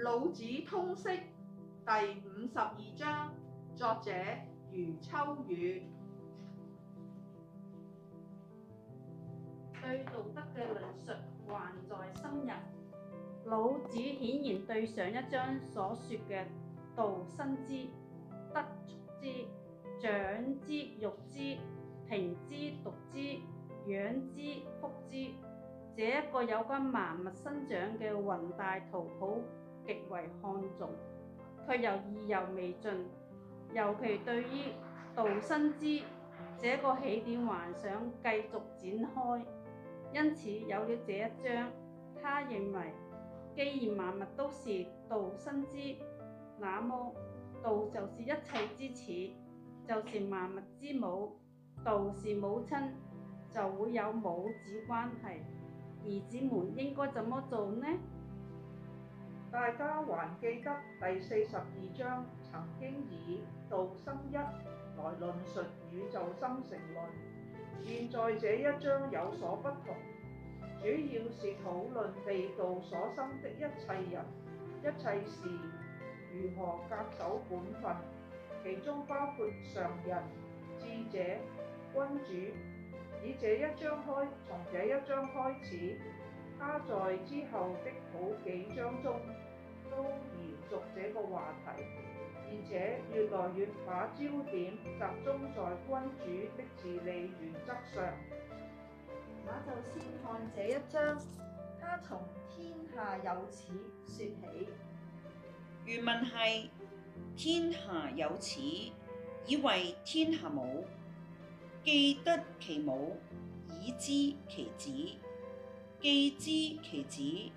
《老子通釋》第五十二章，作者余秋雨。對道德嘅論述還在深入。老子顯然對上一章所説嘅道生之，德畜之，長之，育之，平之，獨之，養之，覆之，這一個有關萬物生長嘅宏大圖譜，極為看重，卻又意猶未盡，尤其對於道生之這個起點，還想繼續展開。因此有了這一章，他認為既然萬物都是道生之，那麼道就是一切之始，就是萬物之母。道是母親，就會有母子關係。兒子們應該怎麼做呢？大家還記得第四十二章曾經以道生一來論述宇宙生成論，現在這一章有所不同，主要是討論被道所生的一切人、一切事如何恪守本分，其中包括常人、智者、君主。以這一章開，從這一章開始，他在之後的好幾章中。都延續這個話題，而且越來越把焦點集中在君主的治理原則上。那就先看這一章，他從天下有始說起。原文係天下有始，以為天下母。既得其母，以知其子；既知其子，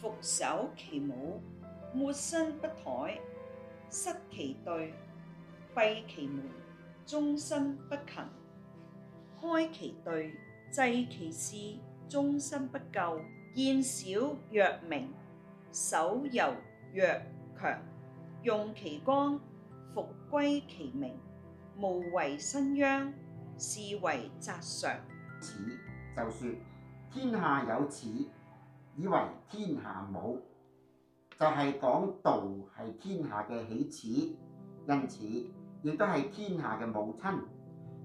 復守其母。沒身不殆，失其對，閉其門，終身不勤；開其對，濟其事，終身不救。見小若明，守柔若強，用其光，復歸其明，無為身殃，是為雜常。此就說：天下有此，以為天下母。就係講道係天下嘅起始，因此亦都係天下嘅母親。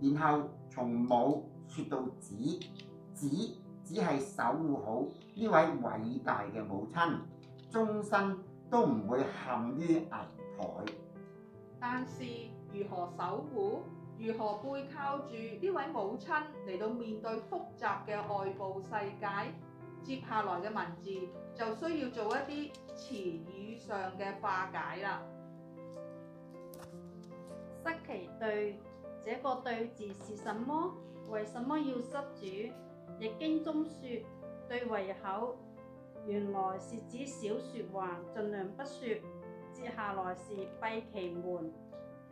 然後從母説到子，子只係守護好呢位偉大嘅母親，終身都唔會陷於危殆。但是如何守護，如何背靠住呢位母親嚟到面對複雜嘅外部世界？接下來嘅文字就需要做一啲詞語上嘅化解啦。塞其兌，這個兌字是什麼？為什麼要塞住？易經中説兌為口，原來是指少説話，儘量不説。接下來是閉其門，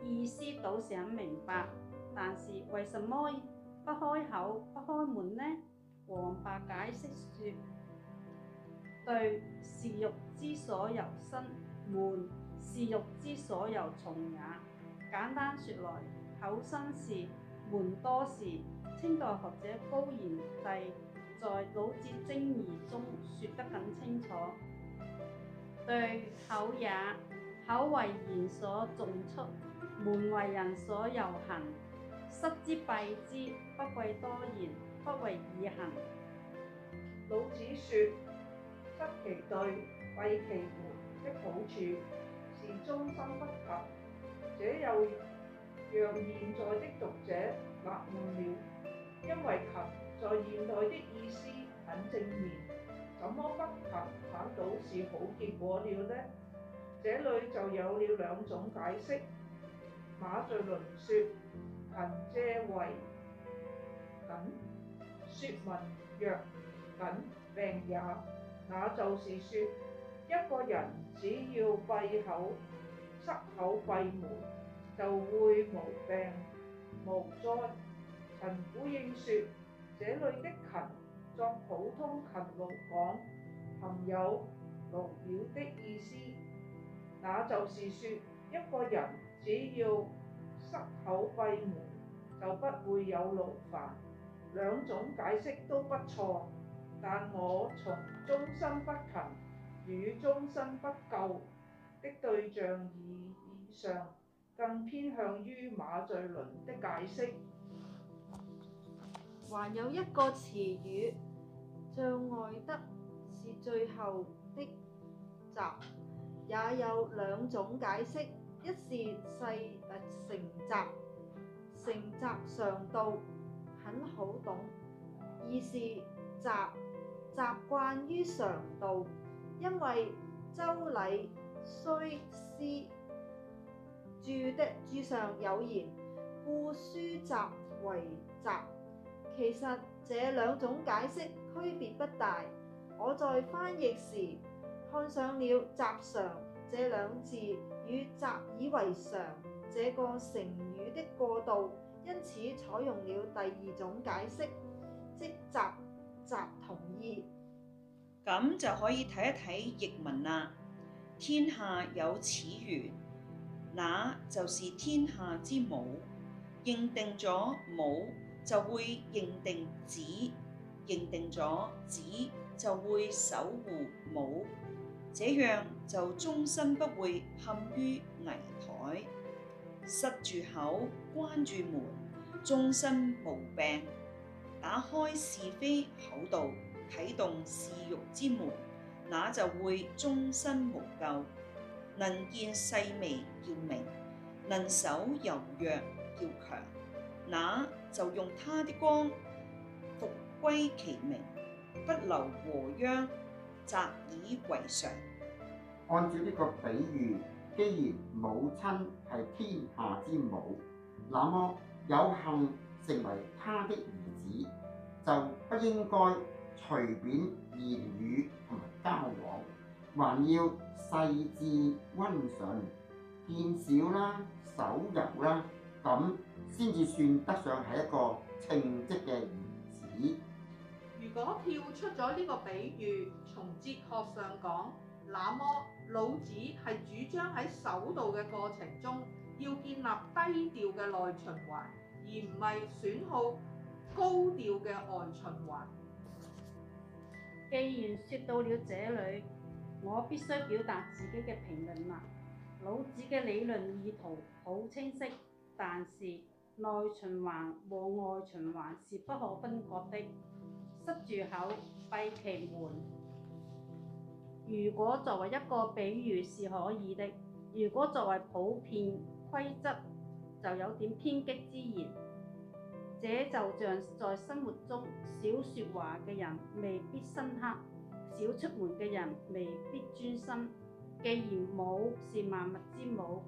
意思倒想明白，但是為什麼不開口、不開門呢？王弼解釋說：對，是欲之所由生；門，門是欲之所由從也。簡單說來，口生事悶多事。清代學者高賢帝在《老子精義》中説得很清楚：對口也，口為言所重出；門為人所由行，失之弊之，不貴多言。不為而行。老子說：塞其兌，閉其門的好處是終身不勤。這又讓現在的讀者納悶了，因為勤在現代的意思很正面，怎麼不勤反倒是好結果了呢？這裡就有了兩種解釋。馬敘倫說：勤者為等。說文曰：謹病也，那就是說一個人只要閉口塞口閉門，就會無病無災。陳鼓應說：這裡的勤，作普通勤勞講，含有勞鳥的意思，那就是說一個人只要塞口閉門，就不會有勞煩。兩種解釋都不錯，但我從終身不勤與終身不救的對象意義上，更偏向於馬敘倫的解釋。還有一個詞語，障礙得」，是最後的集，也有兩種解釋，一是世成集，成集上到。很好懂，二是習習慣於常道，因為周《周禮》雖詩注的注上有言，故書集為集。其實這兩種解釋區別不大，我在翻譯時看上了習常這兩字與習以為常這個成語的過渡。因此採用了第二種解釋，即集集同意。咁就可以睇一睇譯文啦。天下有始緣，那就是天下之母。認定咗母，就會認定子；認定咗子，就會守護母。這樣就終身不會陷於危殆，塞住口，關住門，終身無病；打開是非口道，啟動嗜欲之門，那就會終身無咎。能見細微叫明，能守柔弱叫強，那就用他的光復歸其明，不留禍殃，擇以為常。按照呢個比喻，既然母親係天下之母。那麼有幸成為他的兒子，就不應該隨便言語同埋交往，還要細緻温順，見小啦，守柔啦，咁先至算得上係一個稱職嘅兒子。如果跳出咗呢個比喻，從哲學上講，那麼老子係主張喺守道嘅過程中。要建立低調嘅內循環，而唔係損耗高調嘅外循環。既然説到了這裡，我必須表達自己嘅評論啦。老子嘅理論意圖好清晰，但是內循環和外循環是不可分割的。塞住口，閉其門，如果作為一個比喻是可以的，如果作為普遍，規則就有點偏激之言，這就像在生活中少説話嘅人未必深刻，少出門嘅人未必專心。既然母是萬物之母，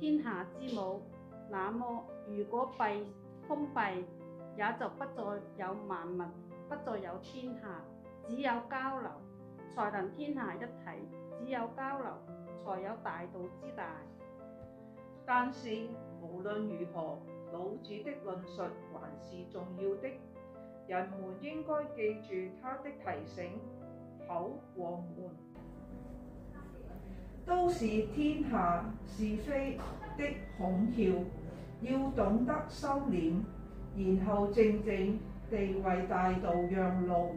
天下之母，那麼如果閉封閉，也就不再有萬物，不再有天下，只有交流，才能天下一體；只有交流，才有大道之大。但是無論如何，老子的論述還是重要的，人們應該記住他的提醒，口和門都是天下是非的孔竅，要懂得收斂，然後靜靜地為大道讓路。